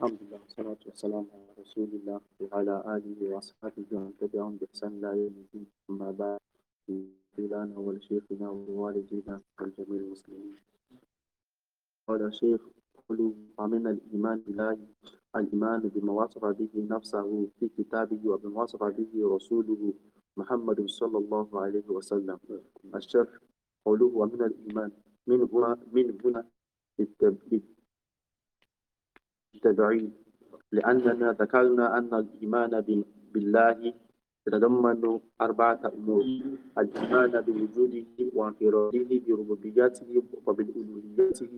الحمد لله والصلاة والسلام على رسول الله وعلى آله وأصحابه ومن تبعهم بإحسان إلى يوم الدين أما بعد لنا ولشيخنا ووالدينا ولجميع المسلمين قال شيخ قلوا عملنا الإيمان بالله الإيمان بما وصف به نفسه في كتابه وبما وصف به رسوله محمد صلى الله عليه وسلم الشيخ قلوا ومن الإيمان من هنا من هنا التبديل المتبعين لأننا ذكرنا أن الإيمان بالله يتضمن أربعة أمور الإيمان بوجوده وانفراده بربوبيته وبالألوهيته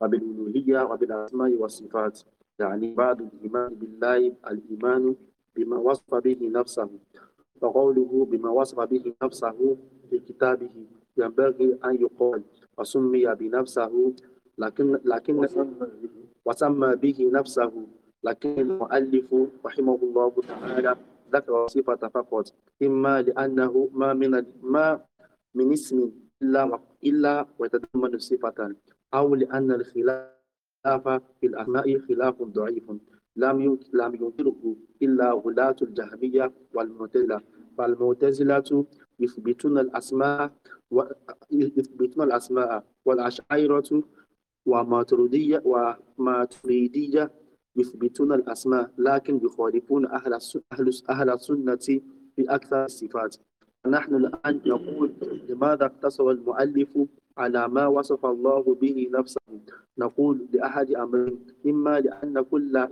وبالألوهية وبالأسماء والصفات يعني بعد الإيمان بالله الإيمان بما وصف به نفسه وقوله بما وصف به نفسه في كتابه ينبغي أن يقال وسمي بنفسه لكن لكن وسمى به نفسه لكن المؤلف رحمه الله تعالى ذكر صفة فقط إما لأنه ما من ما من اسم إلا إلا ويتضمن صفة أو لأن الخلاف في الأسماء خلاف ضعيف لم لم ينكره إلا غلاة الجهمية والمعتزلة فالمعتزلة يثبتون الأسماء و... يثبتون الأسماء والأشعيرة وماتريدية وماتريدية يثبتون الأسماء لكن يخالفون أهل أهل أهل السنة في أكثر الصفات نحن الآن نقول لماذا اقتصر المؤلف على ما وصف الله به نفسه نقول لأحد أمرين إما لأن كل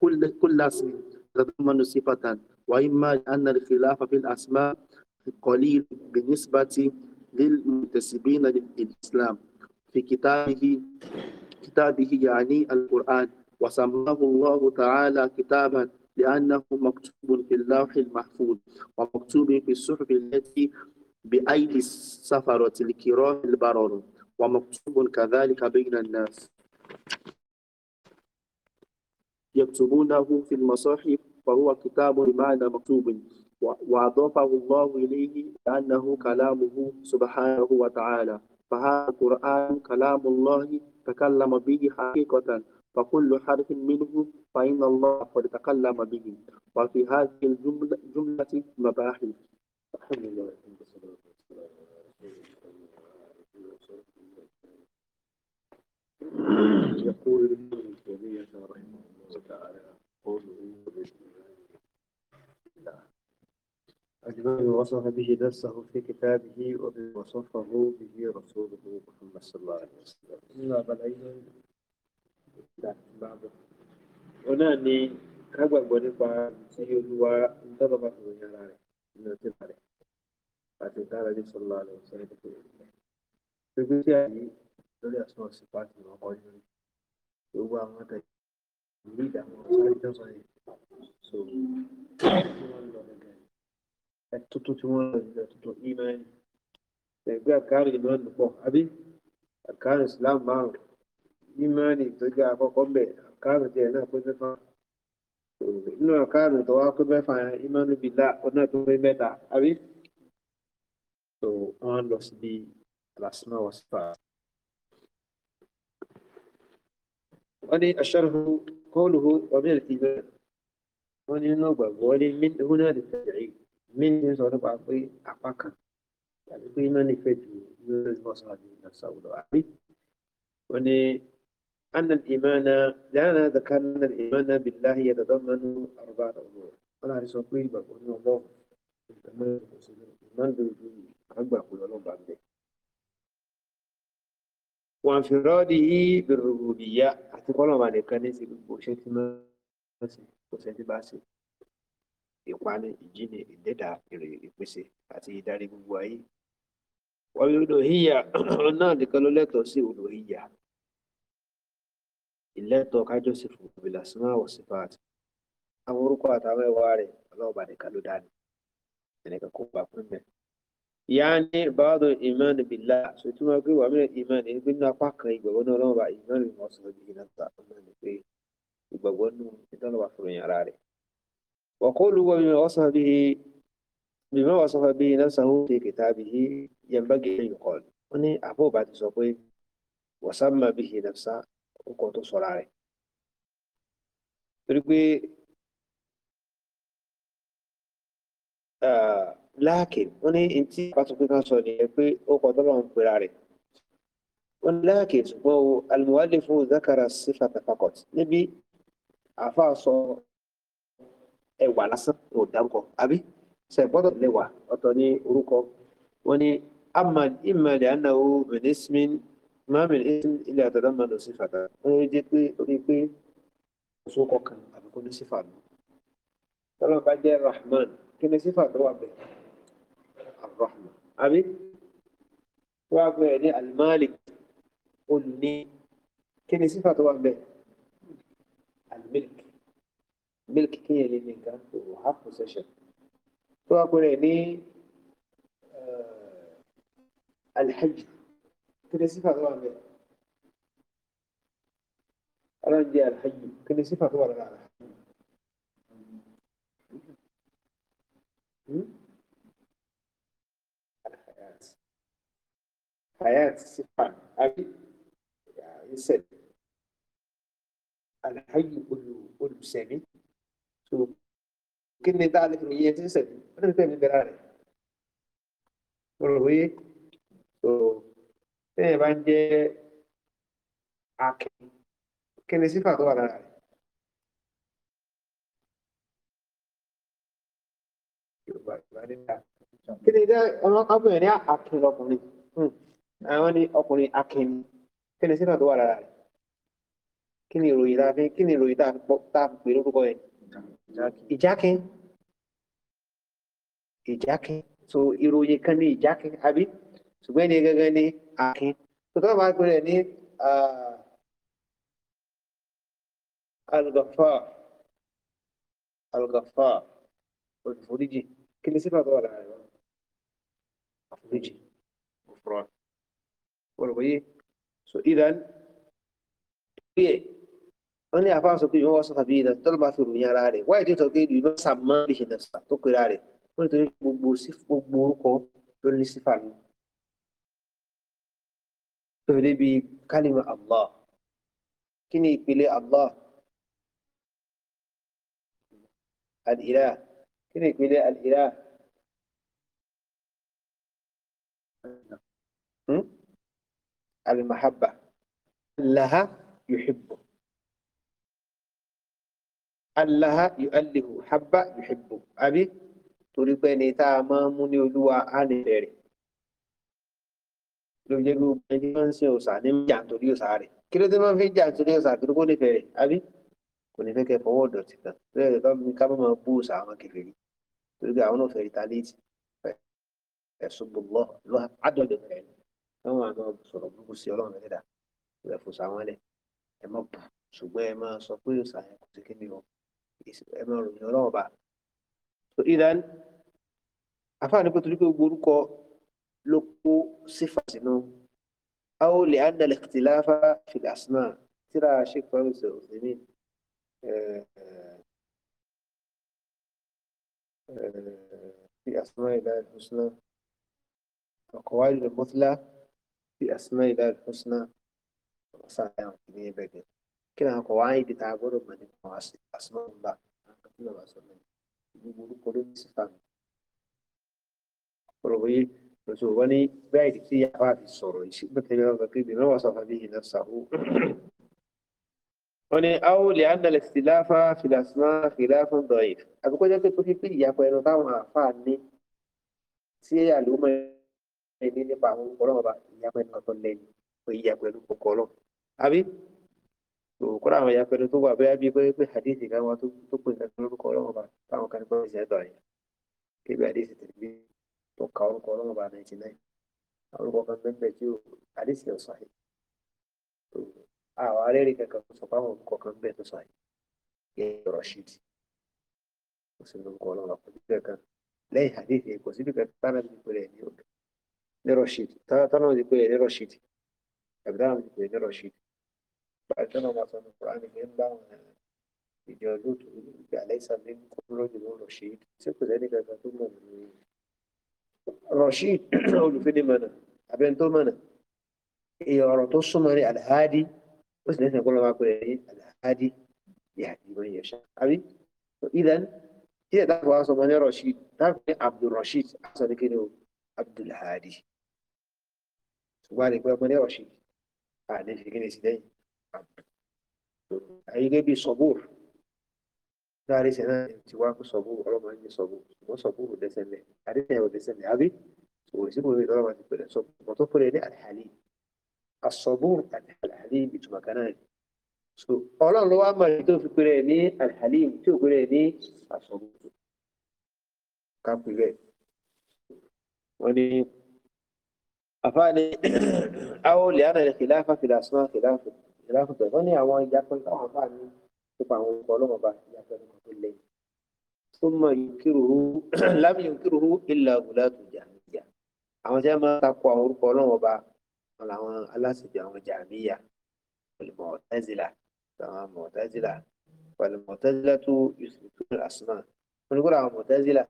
كل كل اسم تتضمن صفة وإما لأن الخلاف في الأسماء قليل بالنسبة للمنتسبين للإسلام في كتابه كتابه يعني القرآن وسماه الله تعالى كتابا لأنه مكتوب في اللوح المحفوظ ومكتوب في الصحف التي بأيدي السفرة الكرام البرر ومكتوب كذلك بين الناس يكتبونه في المصاحف فهو كتاب بمعنى مكتوب وأضافه الله إليه لأنه كلامه سبحانه وتعالى فهذا القرآن كلام الله تكلم به حقيقة فكل حرف منه فإن الله قد تكلم به وفي هذه الجملة جملة مباحث الحمد لله يقول ابن تيمية رحمه الله تعالى قوله أجمل وصف به نفسه في كتابه وصفه به رسوله محمد صلى الله عليه وسلم. لا بل أيضا بعض هنا أني كبر بني بعض سيد و انتظر بعض من يرى من يرى بعد ذلك عليه صلى الله عليه وسلم في بيت يعني دولي أسماء صفات المقاومة يوبا ما تجد يريد أن يصلي تصلي سوء àti tuntun tí wọ́n rẹ̀ tuntun ìmánì ẹgbẹ́ àkárí ìmánì pọ̀ àbí àkárí islam márùn ìmánì tó jẹ́ àkọ́kọ́ bẹ̀ àkárí jẹ́ náà pé mẹ́fà nínú àkárí tó wá pé mẹ́fà yẹn ìmánì bíi dá ọ̀nà tó pé mẹ́ta àbí tó wọ́n lọ síbi alásùnà wọ́sífà. wọ́n ní aṣáájú kọ́ọ̀lù wọ́n mẹ́rin ti bẹ̀rẹ̀ wọ́n ní inú gbàgbọ́ ní mí mí ní sọ nípa pé apá kan tàbí pé iná nífẹ̀ẹ́ ju us bọ́sà àti nasawu lọ àbí ó ní أن الإيمان لأن ذكرنا الإيمان بالله يتضمن أربعة أمور أنا أعرف أقول بقى أنه الله الإيمان بالله أكبر أقول الله بعد وانفراده بالربوبية أعتقد ما نكنس بوشة ما بس بوشة بس ìpani ìjìnì ìdẹ́dà èrè ìpèsè àti ìdarí gbogbo ayé wọ́n bí olùhíyà náà nìkan ló lẹ́tọ̀ọ́ sí olùhíyà ìlẹ́tọ̀ọ́ kájọ́sì fún bìlàsímà wọ̀sífàt àwọn orúkọ àtàwọn ẹwà rẹ̀ ọlọ́ọ̀bà nìkan ló dání ẹnìkan kó gbà fún mẹ́. ìyá ní báàdù iman billah sotuma pé wàmí iman ní gbínú apá kan ìgbàgbọ́ náà ọlọ́ọ̀bà iman ìmọ̀sán ìgbìyànjú ìgbàgbọ́ nù ìdánwò àfọ̀rọ̀yìn ara rẹ̀ وقوله ومن وصف به بما وصف به نفسه في كتابه ينبغي أن يقال وني أبو بعد سوقي وسمى به نفسه وكنت صلاة تركي آه láàkì wọn ní ntí pàtàkì kan sọ nìyẹn pé ó kọ tọ́lọ́ ń pera rẹ̀ wọn láàkì ṣùgbọ́n o al-mu'allifu zakara sífàtà fakọt níbi àfa sọ ẹwà lásán ní òdárúkọ àbí sẹ̀gbọ́dọ̀ lẹ́wà ọ̀tọ̀ ní orúkọ wọn ni amma imma li annahu min ismin ma min ismin illa yatadammanu sifata wọn yóò jẹ́ pé ó ní pé oṣù kọkàn àbí kò ní sífà nù tọ́lọ́ bá jẹ́ rahman kí ni sífà tó wà bẹ́ẹ̀ arrahman àbí wọ́n á gbé ní almalik olùní kí ni sífà tó wà bẹ́ẹ̀ almilik mílìkì kéèyàn lè ní nǹkan tó half possession tó wá pẹ̀lẹ́ ní alhaji kíni sífà tó wà bẹ́ẹ̀ ọlọ́run jẹ́ alhaji kíni sífà tó wà lára alhaji. الحياة حياة صفة أبي يسد الحي كل كل سامي kí ni tá a lè ròyìn ẹtí sẹ̀dí ó lè tẹ̀lé bẹ̀rẹ̀ rẹ̀ mo rò wí tó tẹ́yìn bá ń jẹ́ akin kí ni sífà tó wà lára rẹ̀. kí ni dá ọmọkùnrin ní akin lọkùnrin àwọn ní ọkùnrin akin kí ni sífà tó wà lára rẹ̀ kí ni ìròyìn tá a fi kí ni ìròyìn tá a fi pè lórúkọ yẹn ìjákin ìjákin so ìròyìn kan ní ìjákin àbí ṣùgbọ́n ní gangan ní akin tó tọ́ máa pè rẹ̀ ní algafa algafa olùforíjì kí ni sípà tó wà lára rẹ̀ àforíjì òfurọ́ olùbọ̀yé so ìdán bí ẹ̀ wọ́n ní àfáà sọ pé ìwọ́n wọ́n sọ́fà bí iná tọ́lọ́ máa fi ròyìn ara rẹ̀ wáyé tó sọ pé ìlú sàmọ́ lè ṣe nàṣà tó pera rẹ̀ wọ́n nítorí gbogbo gbogbo orúkọ ló ní sífà mi. tó fi débi kálímà Allah kí ni ìpele Allah al-ilah kí ni ìpele al-ilah. المحبة لها يحبه aláha yu'allihu habba yuhibbu àbí torí pé ẹni tá a máa ń mú ní olúwa á ní bẹ̀rẹ̀ ló jẹ́ pé gbogbo ẹni máa ń sin òòṣà ní jà nítorí òòṣà rẹ̀ kí ló dé máa fi ń jà nítorí òòṣà torí kó nífẹ̀ẹ́ rẹ̀ àbí kò ní fẹ́ kẹ́ fọwọ́ dọ̀tí kan bẹ́ẹ̀ bá mi ká má máa bú òòṣà àwọn kèfèrí torí pé àwọn náà fẹ́ retaliate ẹ̀sùn gbogbo lọ́wọ́ àdọ̀dọ̀ rẹ̀ káwọn àna sọ̀rọ̀ burúkú sí ọlọ́run ẹ̀dá ìrẹ̀fọ̀sà wọn lẹ̀ ẹ má bù ṣùgbọ́n ẹ máa sọ pé òòṣà yẹn kò sí kí ni o ẹ̀mẹrin ọlọ́run ọba ìdán àfáàní pé torí pé gbogbo orúkọ ló kó sífà sínú aw li anna al-ikhtilafa fi al-asma tíra ṣèkọ́ ọ̀sẹ̀ ọ̀sẹ̀ mi في أسماء الله الحسنى القواعد المثلى في أسماء الله الحسنى وصحيح كبير بدل kí ni àwọn kọ̀ wá ibi tá a gbọ́dọ̀ mọ̀ nípa wá sí àsùnmọ́nba àkàtúntò wá sọ mẹ́rin gbogbo orúkọ ló ní sífà mi. ọ̀rọ̀ yìí lọ́sọ̀ wọ́n ní báyìí tí yàrá fi sọ̀rọ̀ ìṣígbẹ́tẹ̀lẹ́ ọ̀gá pé ibi náà wà sọ̀fà bí iná sàhó. wọ́n ní awo lè á dalẹ̀ sí láfa filasma filafun dọ̀yì àbíkọ́ jẹ́ pé tó fi pé ìyàpọ̀ ẹnu táwọn àáfàá ní tí àlùmọ̀ ẹni nípa àwọn ọlọ́mọba ìyàpọ̀ ẹnu ọ̀tọ̀ lẹ́yìn ìyàpọ̀ ẹnu kọ̀ọ̀kan ọlọ́mọ kódà àwọn ẹ̀yà pẹ̀lú tó wà bóyá bíi pé pé àdéhìí kan wọn tó pè nǹkan lórúkọ ọlọ́run ọba táwọn kan gbọ́ ìṣẹ́ dọ̀ yẹn kébí àdéhìí tẹ̀lé bí tó ka orúkọ ọlọ́run ọba ninety nine àwọn orúkọ kan gbẹ́ngbẹ́ tí ó àdéhìí ọ̀ sọ̀hìn tó àwọn arẹ́rìí kankan tó sọ fáwọn orúkọ kan bẹ́ẹ̀ tó sọ̀hìn yẹ Rashid kò sí lórúkọ ọlọ́run ọba níbẹ̀ kan lẹ́yìn àdéhìí kò síbi kan tánà ti pè rẹ̀ ní Rashid tánà ti pè rẹ̀ بعدين ما كان القرآن ينبع جالوت أليس منكم رجل رشيد سيكو ذلك ثم رشيد أقول في منا أبين تو منا إيه يا رتوس ماني الهادي بس نحن نقول ما أقول يعني، الهادي يهدي من يشاء أبي إذا هي تعرف أصلا ماني رشيد تعرف عبد الرشيد احسن كده عبد الهادي سبحانك وماني رشيد أعني آه، في كده سيدي عيجيبي صبور تعرف أنا انتواك صبور على ما عندي صبور ما صبور ده سنة عارف هو ده سنة عبي ويسيبه في طلبة الفلسفة وتقول لي الحليم الصبور الحليم بتمكنان Ọlọ́run ló wá mọ̀ ní tó fi pèrè ní alhalim tí ò pèrè ní àsọ̀gbọ̀n kápẹ́rẹ́ wọ́n ní àfáàní àwọn olè ànàlẹ̀ kìláfà kìláfà kìláfà ìlàkùtẹ̀ wọ́n ní àwọn ìyapẹ́ táwọn bá ní nípa àwọn orúkọ ọlọ́run ọba ìyapẹ́ ní ọdún lẹ́yìn tó mọ ìkíròrò lámì ìkíròrò ìlà ògùnlá tó jà níyà àwọn tí wọ́n máa takò àwọn orúkọ ọlọ́run ọba àwọn aláṣẹjọ àwọn jàmíyà pẹ̀lú mọ̀tẹ́zìlà àwọn mọ̀tẹ́zìlà pẹ̀lú mọ̀tẹ́zìlà tó yusuf tó àsùnà wọn ní kó àwọn mọ̀tẹ́zìlà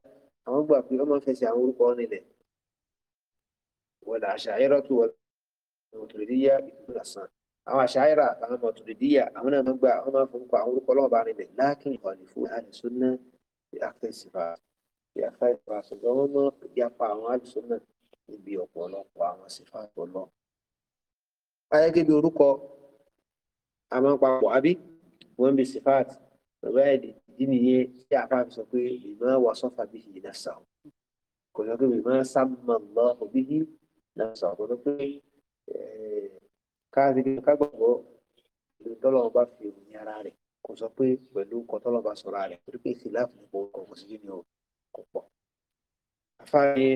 àwọn gbà pé wọ́n máa fẹsẹ̀ àwọn orúkọ nílẹ̀ wọ́n àṣà ayẹ́rọ́ tó wọ́n mọ̀tòlẹ́díyà ìtúndàsán àwọn àṣàyẹ̀rà àwọn ọmọ tòdìdíyà àwọn náà máa ń gba àwọn máa ń forúkọ àwọn orúkọ ọlọ́ọ̀bá rinlẹ̀ láàkín ìwàlẹ̀ fún àlùsọ́nà ìyàfẹ́sìfà ìyàfẹ́sìfà ṣùgbọ́n wọ́n mọ̀ ìyapa àwọn àlùsọ́nà níbi ọ̀pọ̀lọpọ̀ àwọn sífà ọ̀pọ̀lọ. ayẹ́gẹ́ bí orúkọ àmọ́ papọ̀ àbí wọ́n bí sífà bàbá ẹ̀ dì nìyẹn tí àfa fi sọ pé bìmọ̀ wà káàkiri ká gbàgbọ́ ìlú tọ́lọ́wọ́ bá fi ìròyìn ara rẹ̀ kò sọ pé pẹ̀lú nǹkan tọ́lọ́wọ́ bá sọ̀rọ̀ rẹ̀ torí pé ìsìláàfù nípa orúkọ kò sí ní o kò pọ̀. afáàní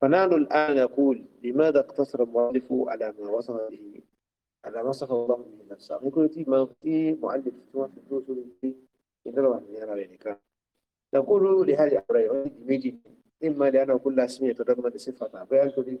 فنحن الآن نقول لماذا اقتصر المؤلف على ما وصف به على ما وصف الله به نفسه يقول تي ما في مؤلف في دروس يدرى واحد يرى ذلك نقول لهذه الأمرين ميجي إما لأنه كل أسمية تضمن صفة فهل تريد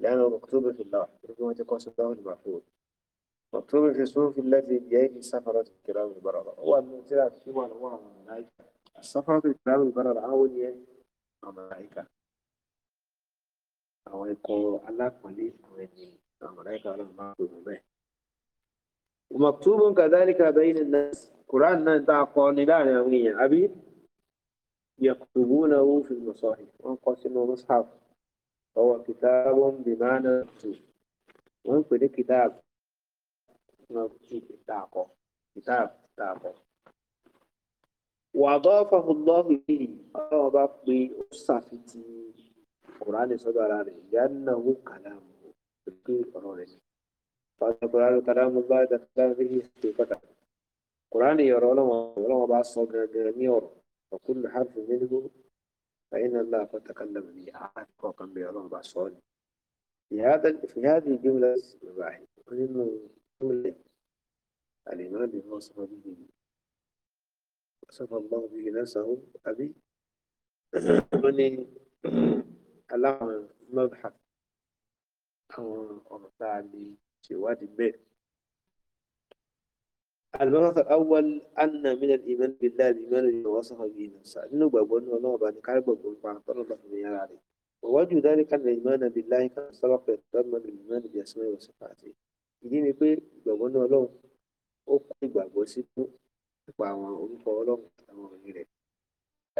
لأنه مكتوب في اللوح ترجمة الله المحفوظ مكتوب في الصوف الذي بيد سفرة الكرام البررة هو المنزلة تشبه هو الملائكة السفرة الكرام البررة أولية الملائكة أو يقول على كل الملائكة على المعقول به ومكتوب كذلك بين الناس قرآن نتاع قرآن لا يعني عبيد يكتبونه في المصاحف وانقسموا مصحف هو كتاب بمعنى مكتوب وممكن ده كتاب كتاب تعقو وأضافه الله به أضاف بأصفتي القرآن صدر لأنه كلامه تلقي قرآن فالقرآن كلام الله دخل به حقيقة القرآن يرى لما لما بعض صدر الجميع وكل حرف منه فإن الله قد تكلم لي عاتقا بيعلم سؤال في هذا في هذه الجملة الواحدة وإنه جملة الإيمان يعني بما وصف به وصف الله به نفسه أبي وني يعني اللهم مبحث أو في شواد البيت المبحث الأول أن من الإيمان بالله الإيمان الذي وصف به نفسه أنه بابون الله بأن كان الله من عليه ووجه ذلك أن الإيمان بالله كان سبق يتضمن الإيمان بأسماء وصفاته ìdí ni pé ìgbàgbọ́ náà ọlọ́run ó kó ìgbàgbọ́ sínú nípa àwọn orúkọ ọlọ́run àtàwọn òní rẹ̀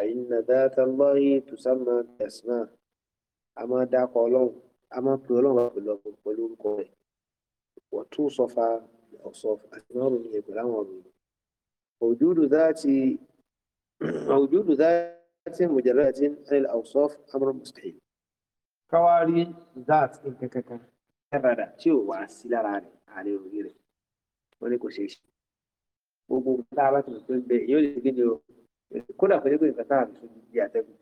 àyínà dáadáa lọ́yìn tùsámà tẹ̀sánà a máa dákọ̀ ọlọ́run a máa pe ọlọ́run pẹ̀lú orúkọ rẹ̀ wọ́n tún sọ fa ọ̀sọ̀f àti márùn yẹn pẹ̀lú àwọn ọ̀rọ̀ yìí òjúdù dáàtì òjúdù dáàtì mùjàdáàtì ẹ̀lẹ́ ọ̀sọ̀f amúrò mùsùlùmí. káwárí dáàtì nǹkan kankan dábàdà tí ò wá sí lára rẹ̀ àárẹ̀ òrí rẹ̀ wọ́n ní kò ṣeé ṣe gbogbo tá a bá ti mọ̀ pé bẹ́ẹ̀ yóò lè gbé ní o kódà pé pé nǹkan tá a lè fi di àtẹ́gùn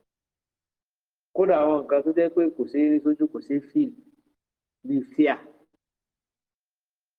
kódà àwọn nǹkan tó jẹ́ pé kò ṣeé rí sójú kò ṣeé fíìl bíi fíà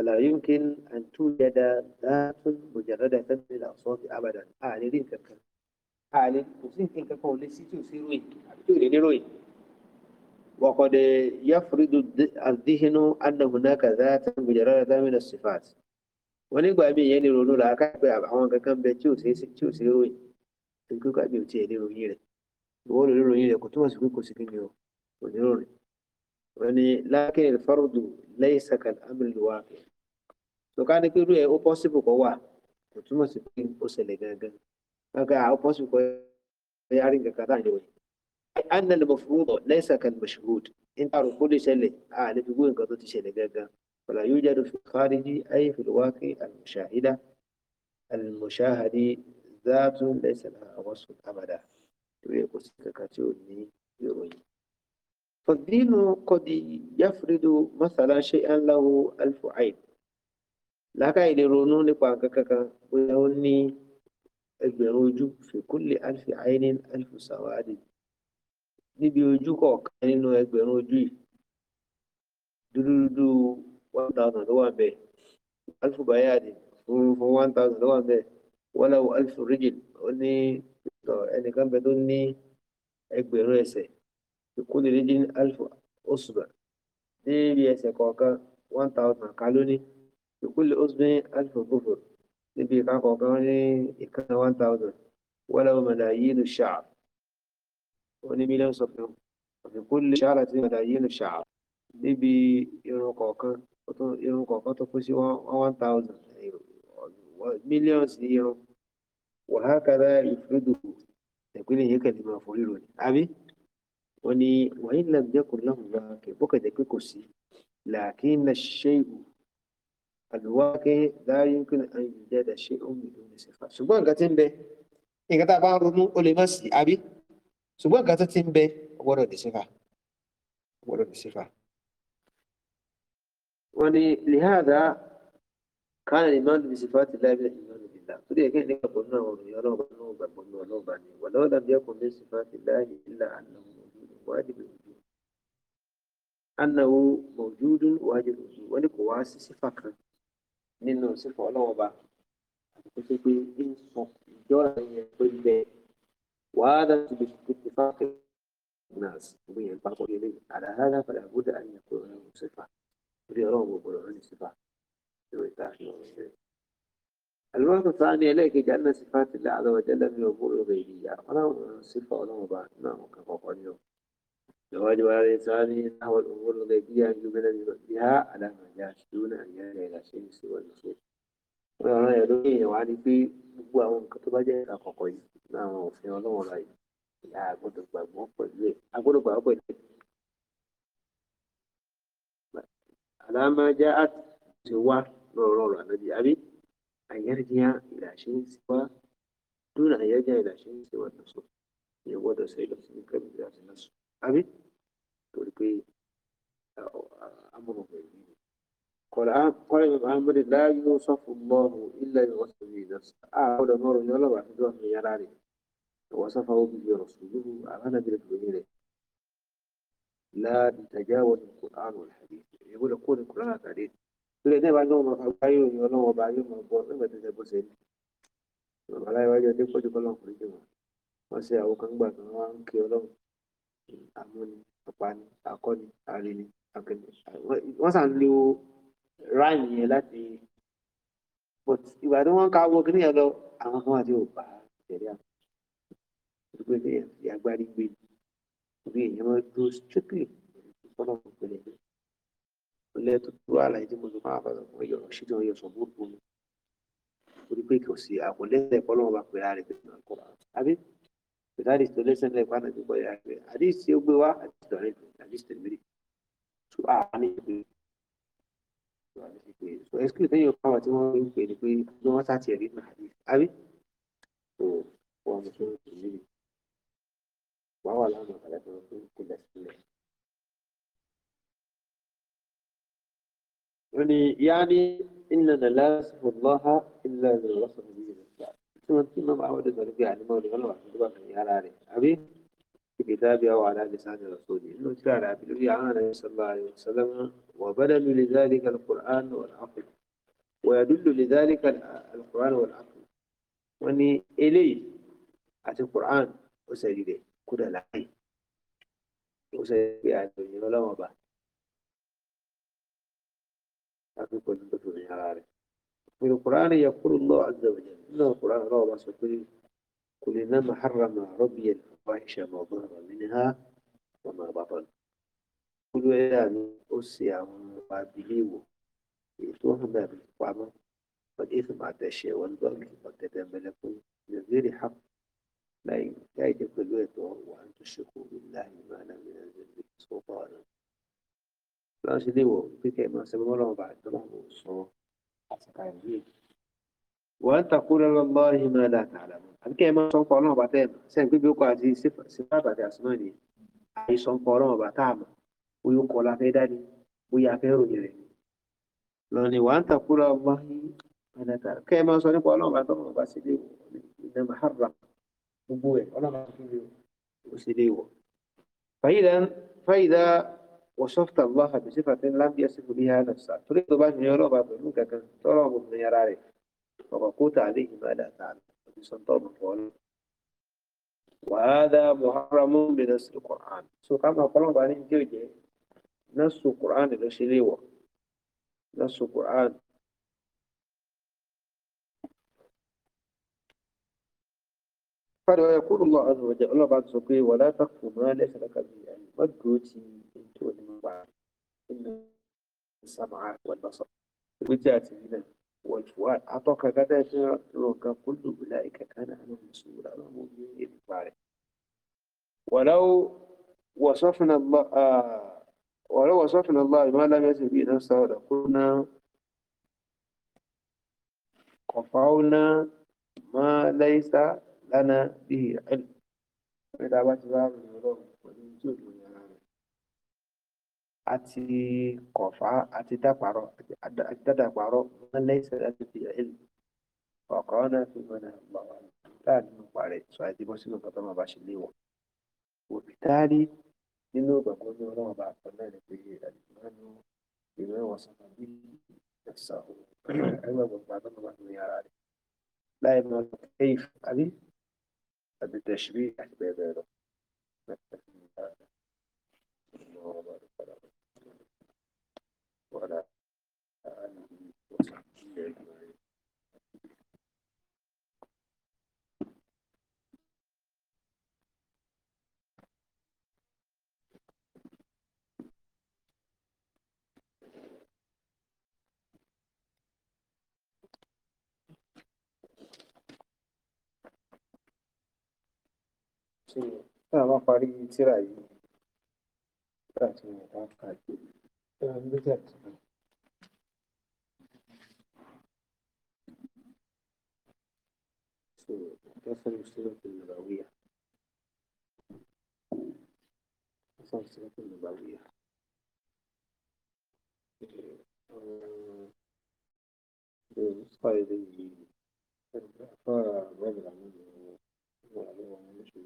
فلا يمكن أن توجد ذات مجردة من الأصوات أبدا أعلن كك أعلن وسين كك ولسيتي وسيروي أبتوري نروي وقد يفرض الذهن أن هناك ذات مجردة من الصفات ونقبع من يعني رونو لا كعب أبعوان كم بيتشو سيسي تشو سيروي تنكو كعب يوتي يعني روني لك بقولوا لي روني لك كنتم سكوكو سكينيو ونروني يعني لكن الفرد ليس كالأمر الواقع tó ká ní kí irú ẹ ó pọ́sibù kọ́ wà kò túmọ̀ sí pé ó ṣẹlẹ̀ gangan gangan ó pọ́sibù kọ́ ẹ yára nǹkan kan táà ń yọ wọ̀nyí. anna lè mọ̀ fún wọn lẹ́sà kan mashhud ń tààrọ̀ kó lè ṣẹlẹ̀ a lè fi gbé nǹkan tó ti ṣẹlẹ̀ gangan wala yujadu fi khariji ay fi lwaqi al-mushahida al-mushahadi zaatu laysa laha wasfun abada tó ẹ kò sí kankan tí ò ní ìròyìn. فالدين قد يفرض مثلا شيئا له ألف عين làákàyè lè ronú nípa nǹkan kankan bóyá ó ní ẹgbẹ̀rún ojú alfi ainin alfu sawadi níbi ojú kọ̀ọ̀kan nínú ẹgbẹ̀rún ojú yìí dúdúdú one thousand ló wà ń bẹ bayadi fún one thousand ló wà ń bẹ wọ́láwù alfu rijil ó ní ẹnìkan bẹ tó ní ẹgbẹ̀rún ẹsẹ̀ osuba níbi ẹsẹ̀ one thousand ìkúlẹ̀ osbin alifogofo níbi ìka kọ̀ọ̀kan ní ìkan one thousand wọ́n lọ́wọ́ màláyínú ṣáà ó ní mílíọ̀nù sọ̀fin ìkúlẹ̀ ṣáàrà tí màláyínú ṣáà níbi irun kọ̀ọ̀kan irun kọ̀ọ̀kan tó kú sí one thousand mílíọ̀nù sí irun wàhákàrà ìfúrúdùkù ìpínlẹ̀ yìí kàn ní máa forí rò ní àbí wọ́n ní wàhíńlá jẹ́kùn láhùn wá kẹ̀ bọ́kẹ̀ jẹ́ pé kò sí làákínà ṣẹ́yìn الواقعي لا يمكن ان يوجد شيء بدون صفه سبوا غاتين بي انغتا با رومو اوليماس ابي سبوا غاتين بي ورو دي صفه ورو دي صفه وني لهذا كان الايمان بصفات الله بلا ايمان بالله فدي كان لك قلنا ورو يرو بنو بنو ولو بني ولو لم يكن من صفات الله الا انه موجود واجب الوجود انه موجود واجب الوجود ولكواس صفه كانت nínú sífọ ọlọ́wọ́ bá àti ṣe pé ń sọ ìjọra yẹn tó bẹ wàá dá síbi tó ti fà kẹ́ nas gbé yẹn papọ̀ yẹn lẹ́yìn àdáhàdá padà búdà á kọ kúrò lẹ́yìn sífà orí ọlọ́run gbogbo ọ̀rọ̀ ní sífà lórí ìta àti ọ̀rọ̀ ṣe. الوقت الثاني إليك جعلنا صفات الله عز وجل من أمور غيبية ولو صفة ولو بعد ما وكفى اليوم جواد ولا لسانه نحو الامور الغيبيه ان يؤمن بها على ما جاء دون ان يهدى الى شيء سوى المصير. ولا يدري يعاني في نبوه من كتب جاي اقوي ما هو في ولو لا اقول لك بابو اقول لك بابو على ما جاءت سوى نور الله الذي ابي ان يرجع الى شيء سوى دون ان يرجع الى شيء سوى النصر. يقول سيدنا سيدنا سيدنا سيدنا àbí torí pé amúnú rẹ̀ yìí kọ̀lá kọ́lá ìbá amúnú láàyè ó sọ fún bọ́ọ̀mù ilẹ̀ ìwọ̀sùn yìí lọ́sọ̀ àbọ̀dọ̀ mọ́rọ̀ ní ọlọ́wà tó dọ̀ mí yára rẹ̀ وصفه برسوله أمانة بالبنيرة لا يتجاوز القرآن والحديث يقول قول القرآن والحديث يقول إنه بعد ما فعلوا يقول الله بعد ما بور ما تجاوز سين ولا يواجه دي كل كلام في الجماعة ما سيأو كان بعد ما أنك يقول àmúni àpani akọni àrẹni àgbẹni wọn sàn lo ráìmù yẹn láti but ìgbà tí wọn ká wọ ada, yẹn kau àwọn apa? Jadi òbá ìṣẹ̀lẹ̀ ni, ya, ní ìyàgbárí gbé ni, èèyàn máa dúró strictly fọlọ ìpínlẹ̀ yìí ilé tó dúró àlàyé tí mo lò máa bá wọn yọ ṣé tí wọn yọ ni bùnú torí pé kò sí àkọlẹ ẹ̀kọ́ lọ́wọ́ bá pè ara rẹ̀ pé àbí. That is the lesson like one of the boy. At least you go at the rate, at least the minute. So I need to so excuse me, you come at one way, we don't start here in Hadith. Abi? So, one of the minute. Wow, I'm not going to let you يعني يعني إننا لا نصف الله إلا بالوصف به للكعب ثم عود ذلك يعني مولد الله يا لاري أبي في كتابه أو على لسان رسوله إنه جعل عبده عانى صلى الله عليه وسلم وبدل لذلك القرآن والعقل ويدل لذلك القرآن والعقل وأني إلي أتى القرآن وسجد كل العين وسيدي يعني ولا ما بعد أقول كل من القرآن يقول الله عز وجل إنه القرآن روى سكري كل إنما حرم ربي الفواحش ما ظهر منها وما بطن كل إلى أسيا وعبديه يفتوهم باب القعبة والإثم على الشيء والبغي قد تدام لكم من غير حق لا يجب الوقت وأن تشركوا بالله ما لم ينزل به سلطانا لا سيدي وفي كلمة سبب الله بعد الله وأن تقول لله ما لا تعلمون àbíkẹ́ ẹ máa sọ ń pa ọlọ́run ọba tẹ́ ẹ mọ̀ sẹ́yìn pé bí ó kọ àti sífàtà àti àsùnmọ́ ni àyè sọ ń pa ọlọ́run ọba tá a mọ̀ bóyá ó kọ la fẹ́ dání bóyá a fẹ́ ròyìn rẹ̀ lọ́ni wà ń tàkúrọ̀ ọba ẹ̀dẹ́ta kẹ́ ẹ máa sọ nípa ọlọ́run ọba tọ́lọ́run ọba sílé wọ̀ ìdá mahara gbogbo ẹ̀ ọlọ́run ọba sílé wọ̀ sílé wọ̀. fàyídà wọ̀sọ́fùtà lọ́hà bí sífàtà ńlá bí ẹ فمقوت عليه ما لا تعلم وهذا محرم بنص القرآن سبحان الله بعدين جوجي نص القرآن الشريوة نص القرآن قال ويقول الله عز وجل الله بعد سقي ولا تقف ما ليس لك به علم وجوتي انت والمبارك إن السمع والبصر وجاتي هنا والفؤاد أعطاك بدات سرك كل أولئك كان عنه مسؤولا أمام الله ولو وصفنا الله آه ولو وصفنا الله ما لم يزل به نفسه لقلنا قطعنا ما ليس لنا به علم. àti kọ̀fà àti dàpàrọ̀ dàdàpàrọ̀ wọn lẹ́yìn sẹ́dá tó fi ẹ̀lì ọ̀kọ́ náà fi wọn náà gbà wọn láàrin nípa rẹ̀ sọ àti bọ́ sínú nǹkan tó máa bá ṣe léwọ̀ òbí táárí nínú ìgbàgbọ́ ní ọlọ́run bá àpọ̀ náà ni pé àdìgbòmánu ìwé ìwòsàn bí ẹ̀sà ẹgbẹ́ gbogbo àtọ́nà bá ní ara rẹ̀ láì mọ kéif àbí àbí tẹ̀síbí àti bẹ́ẹ̀ bẹ́ẹ̀ lọ. وعلى آله وصحبه أجمعين Sí, tá, uma parede tirar aí. Tá, tinha, tá, tá. بالذات كيف المسلمات النبوية كيف المسلمات النبوية الصيدي الرجل عموما وعلوه مش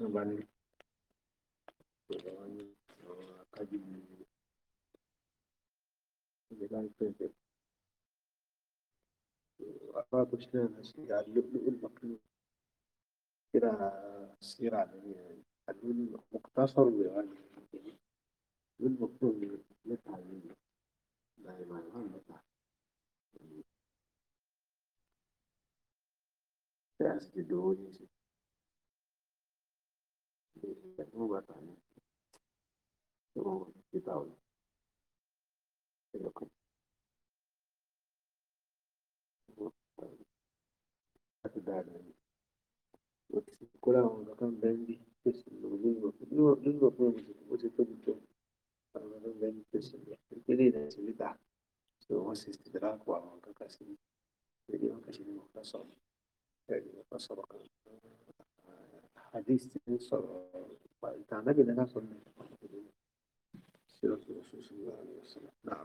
بعدين البيضاء وأراد شلون على اللؤلؤ المكنون كده السيرة على مقتصر وغالي والمكنون متعلم ما يمعنى متعلم فأسجدوني هو تعلم هو كتاب يقول ti bá a lọ ni o ti kóra àwọn ọ̀gá kan bẹ́ẹ̀ bí pèsè lórí òfin òṣèlú bó ti tóbi tó àwọn ọ̀gá bẹ́ẹ̀ bí pèsè lọ ìpínlẹ̀ ìlà ti rí ta tí wọ́n sì ti dára kó àwọn ọ̀gá kan sí ìdílé wọn kàn sí ní ọ̀gá sọ̀rọ̀ ẹ̀rí ọ̀gá sọ̀rọ̀ kan hadith ti ń sọ̀rọ̀ ìtàn anábìnrin náà sọ̀rọ̀ nípa ìdílé sí ọ̀sẹ̀ ọ̀sẹ̀ ọ̀sẹ̀ náà.